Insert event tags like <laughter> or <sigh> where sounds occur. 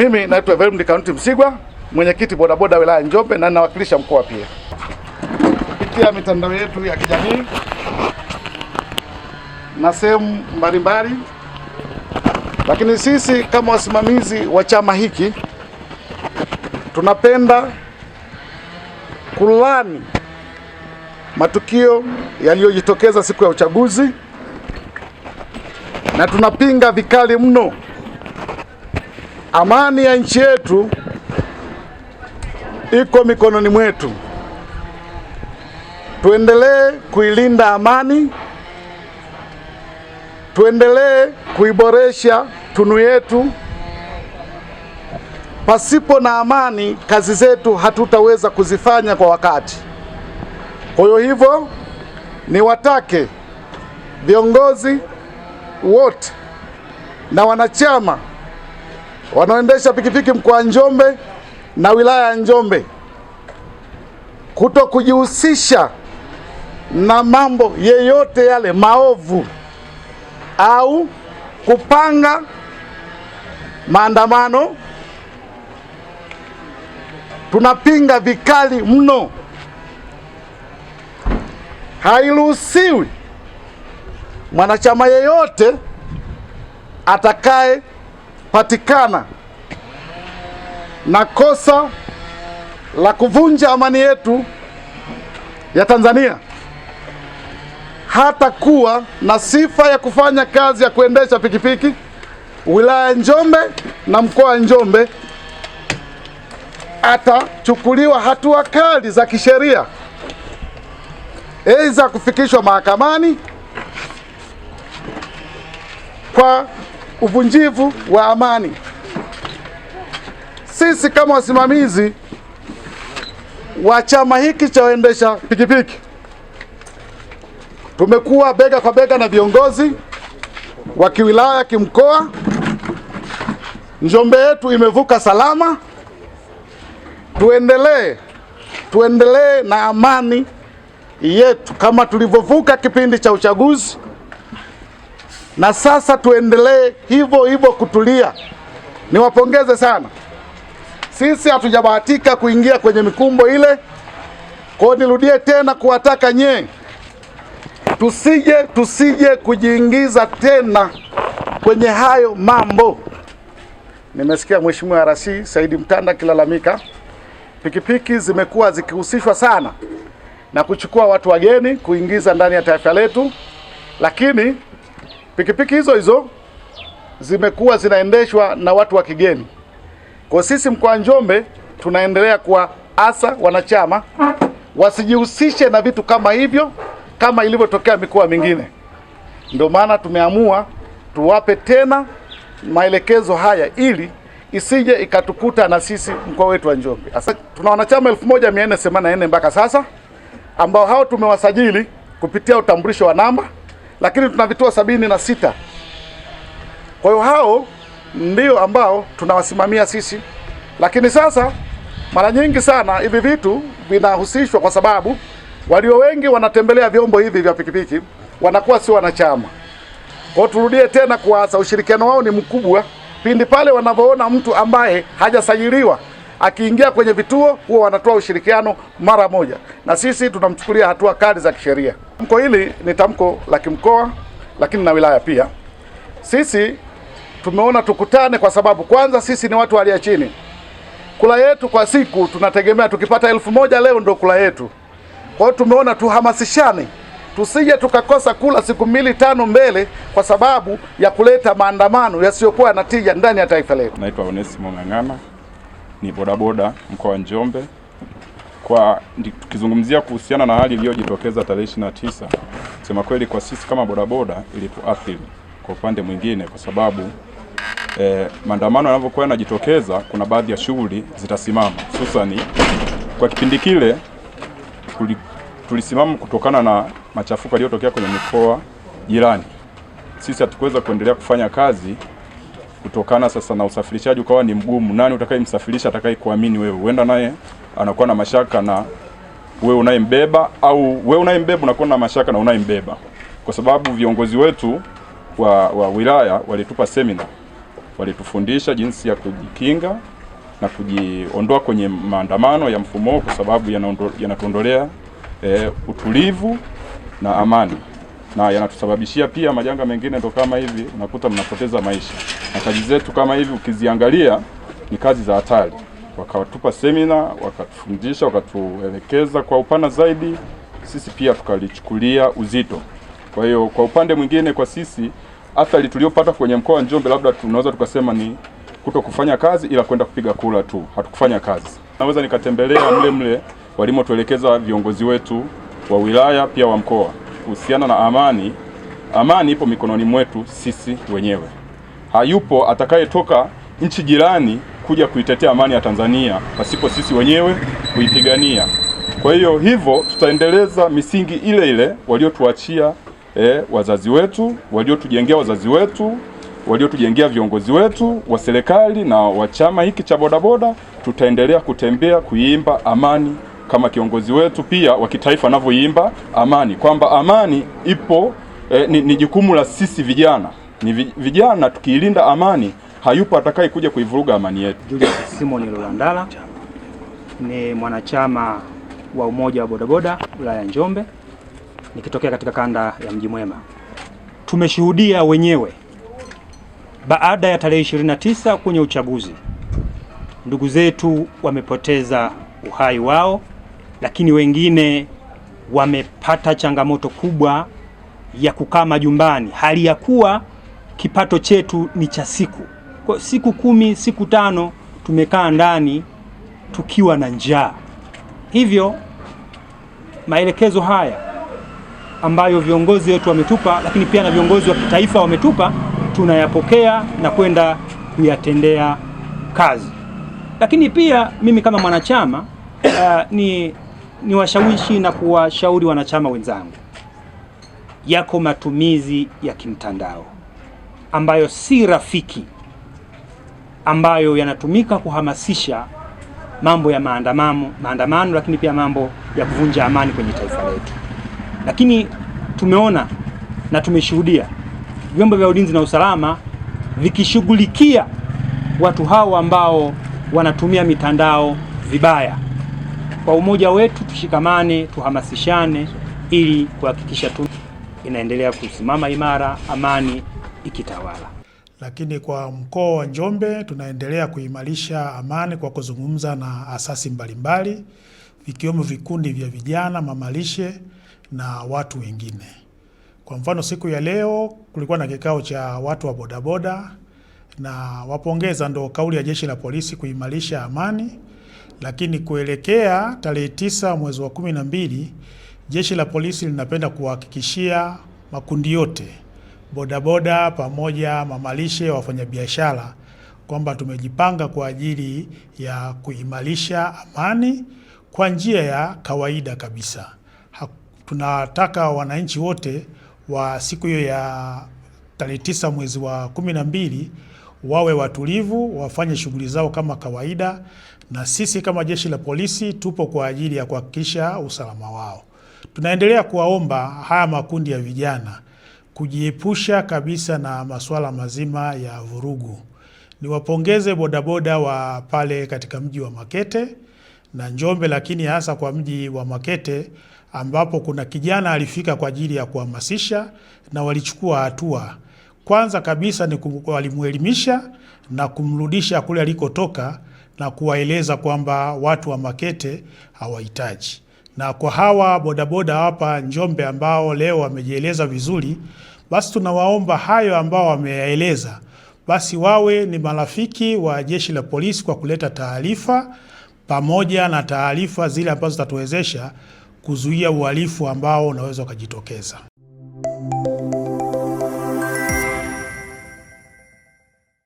Mimi naitwa Velimdi Kaunti Msigwa, mwenyekiti bodaboda wilaya Njombe na ninawakilisha mkoa pia. Kupitia mitandao yetu ya kijamii na sehemu mbalimbali, lakini sisi kama wasimamizi wa chama hiki tunapenda kulani matukio yaliyojitokeza siku ya uchaguzi na tunapinga vikali mno Amani ya nchi yetu iko mikononi mwetu. Tuendelee kuilinda amani, tuendelee kuiboresha tunu yetu. Pasipo na amani, kazi zetu hatutaweza kuzifanya kwa wakati. Kwa hivyo, niwatake viongozi wote na wanachama wanaoendesha pikipiki mkoa wa Njombe na wilaya ya Njombe kuto kujihusisha na mambo yeyote yale maovu au kupanga maandamano. Tunapinga vikali mno, hairuhusiwi mwanachama yeyote atakaye patikana na kosa la kuvunja amani yetu ya Tanzania hata kuwa na sifa ya kufanya kazi ya kuendesha pikipiki wilaya Njombe na mkoa wa Njombe, atachukuliwa hatua kali za kisheria, aidha kufikishwa mahakamani kwa uvunjivu wa amani. Sisi kama wasimamizi wa chama hiki cha waendesha pikipiki tumekuwa bega kwa bega na viongozi wa kiwilaya, kimkoa. Njombe yetu imevuka salama, tuendelee tuendelee na amani yetu kama tulivyovuka kipindi cha uchaguzi na sasa tuendelee hivyo hivyo kutulia. Niwapongeze sana, sisi hatujabahatika kuingia kwenye mikumbo ile. Kwa nirudie tena kuwataka nyee, tusije tusije kujiingiza tena kwenye hayo mambo. Nimesikia Mheshimiwa RC Saidi Mtanda akilalamika pikipiki zimekuwa zikihusishwa sana na kuchukua watu wageni kuingiza ndani ya taifa letu, lakini Pikipiki hizo hizo zimekuwa zinaendeshwa na watu wa kigeni. Kwa sisi mkoa Njombe tunaendelea asa wanachama wasijihusishe na vitu kama hivyo kama ilivyotokea mikoa mingine. Ndio maana tumeamua tuwape tena maelekezo haya ili isije ikatukuta na sisi mkoa wetu wa Njombe. Asa, tuna wanachama 1484 mpaka sasa ambao hao tumewasajili kupitia utambulisho wa namba lakini tuna vituo sabini na sita. Kwa hiyo hao ndio ambao tunawasimamia sisi, lakini sasa mara nyingi sana hivi vitu vinahusishwa kwa sababu walio wengi wanatembelea vyombo hivi vya pikipiki wanakuwa sio wanachama. Kwa turudie tena kuwaasa, ushirikiano wao ni mkubwa pindi pale wanavyoona mtu ambaye hajasajiliwa akiingia kwenye vituo huwa wanatoa ushirikiano mara moja, na sisi tunamchukulia hatua kali za kisheria. Tamko hili ni tamko la kimkoa, lakini na wilaya pia. Sisi tumeona tukutane kwa sababu kwanza sisi ni watu walio chini. Kula yetu kwa siku tunategemea tukipata elfu moja leo ndio kula yetu. Kwa hiyo tumeona tuhamasishane, tusije tukakosa kula siku mbili tano mbele kwa sababu ya kuleta maandamano yasiyokuwa na tija ndani ya taifa letu. Naitwa Onesimo Ng'ang'ana ni bodaboda mkoa wa Njombe. Kwa tukizungumzia kuhusiana na hali iliyojitokeza tarehe tisa, sema kweli kwa sisi kama bodaboda ilituathiri kwa upande mwingine, kwa sababu eh, maandamano yanavyokuwa yanajitokeza, kuna baadhi ya shughuli zitasimama, hususani kwa kipindi kile tulisimama kutokana na machafuko yaliyotokea kwenye mikoa jirani. Sisi hatukuweza kuendelea kufanya kazi kutokana sasa na usafirishaji ukawa ni mgumu, nani utakayemsafirisha, atakayekuamini wewe? Huenda naye anakuwa na mashaka na wewe unayembeba, au wewe unayembeba unakuwa na mashaka na unayembeba, kwa sababu viongozi wetu wa, wa wilaya walitupa semina, walitufundisha jinsi ya kujikinga na kujiondoa kwenye maandamano ya mfumo, kwa sababu yanatuondolea e, utulivu na amani na yanatusababishia pia majanga mengine, ndo kama hivi unakuta mnapoteza maisha na kazi zetu kama hivi ukiziangalia ni kazi za hatari. Wakatupa semina, wakatufundisha, wakatuelekeza kwa upana zaidi, sisi pia tukalichukulia uzito. Kwa hiyo kwa upande mwingine, kwa sisi athari tuliyopata kwenye mkoa wa Njombe, labda tunaweza tukasema ni kuto kufanya kazi, ila kwenda kupiga kura tu, hatukufanya kazi. Naweza nikatembelea mle mle walimotuelekeza viongozi wetu wa wilaya pia wa mkoa kuhusiana na amani. Amani ipo mikononi mwetu sisi wenyewe hayupo atakayetoka nchi jirani kuja kuitetea amani ya Tanzania pasipo sisi wenyewe kuipigania. Kwa hiyo hivyo tutaendeleza misingi ile ile waliotuachia eh, wazazi wetu, waliotujengea wazazi wetu, waliotujengea viongozi wetu wa serikali na wa chama hiki cha bodaboda. Tutaendelea kutembea kuiimba amani kama kiongozi wetu pia wa kitaifa anavyoiimba amani, kwamba amani ipo eh, ni, ni jukumu la sisi vijana ni vijana, tukiilinda amani hayupo atakaye kuja kuivuruga amani yetu. Julius Simon Lulandala ni mwanachama wa umoja wa bodaboda wilaya ya Njombe nikitokea katika kanda ya Mji Mwema. Tumeshuhudia wenyewe baada ya tarehe 29 kwenye uchaguzi, ndugu zetu wamepoteza uhai wao, lakini wengine wamepata changamoto kubwa ya kukaa majumbani, hali ya kuwa kipato chetu ni cha siku kwa siku kumi, siku tano tumekaa ndani tukiwa na njaa. Hivyo maelekezo haya ambayo viongozi wetu wametupa, lakini pia na viongozi wa kitaifa wametupa, tunayapokea na kwenda kuyatendea kazi. Lakini pia mimi kama mwanachama uh, <coughs> ni ni washawishi na kuwashauri wanachama wenzangu, yako matumizi ya kimtandao ambayo si rafiki, ambayo yanatumika kuhamasisha mambo ya maandamano, maandamano lakini pia mambo ya kuvunja amani kwenye taifa letu. Lakini tumeona na tumeshuhudia vyombo vya ulinzi na usalama vikishughulikia watu hao ambao wanatumia mitandao vibaya. Kwa umoja wetu tushikamane, tuhamasishane ili kuhakikisha tu inaendelea kusimama imara amani ikitawala. Lakini kwa mkoa wa Njombe tunaendelea kuimarisha amani kwa kuzungumza na asasi mbalimbali vikiwemo vikundi vya vijana, mamalishe na watu wengine. Kwa mfano, siku ya leo kulikuwa na kikao cha watu wa bodaboda na wapongeza, ndo kauli ya Jeshi la Polisi kuimarisha amani. Lakini kuelekea tarehe tisa mwezi wa kumi na mbili Jeshi la Polisi linapenda kuhakikishia makundi yote bodaboda pamoja mamalishe, wafanyabiashara kwamba tumejipanga kwa ajili ya kuimarisha amani kwa njia ya kawaida kabisa. Tunataka wananchi wote wa siku hiyo ya tarehe tisa mwezi wa kumi na mbili wawe watulivu, wafanye shughuli zao kama kawaida, na sisi kama jeshi la polisi tupo kwa ajili ya kuhakikisha usalama wao. Tunaendelea kuwaomba haya makundi ya vijana kujiepusha kabisa na masuala mazima ya vurugu. Niwapongeze bodaboda wa pale katika mji wa Makete na Njombe, lakini hasa kwa mji wa Makete ambapo kuna kijana alifika kwa ajili ya kuhamasisha na walichukua hatua. Kwanza kabisa ni walimwelimisha na kumrudisha kule alikotoka na kuwaeleza kwamba watu wa Makete hawahitaji. Na kwa hawa bodaboda hapa Njombe ambao leo wamejieleza vizuri basi tunawaomba hayo ambao wameyaeleza, basi wawe ni marafiki wa jeshi la polisi kwa kuleta taarifa pamoja na taarifa zile ambazo zitatuwezesha kuzuia uhalifu ambao unaweza ukajitokeza.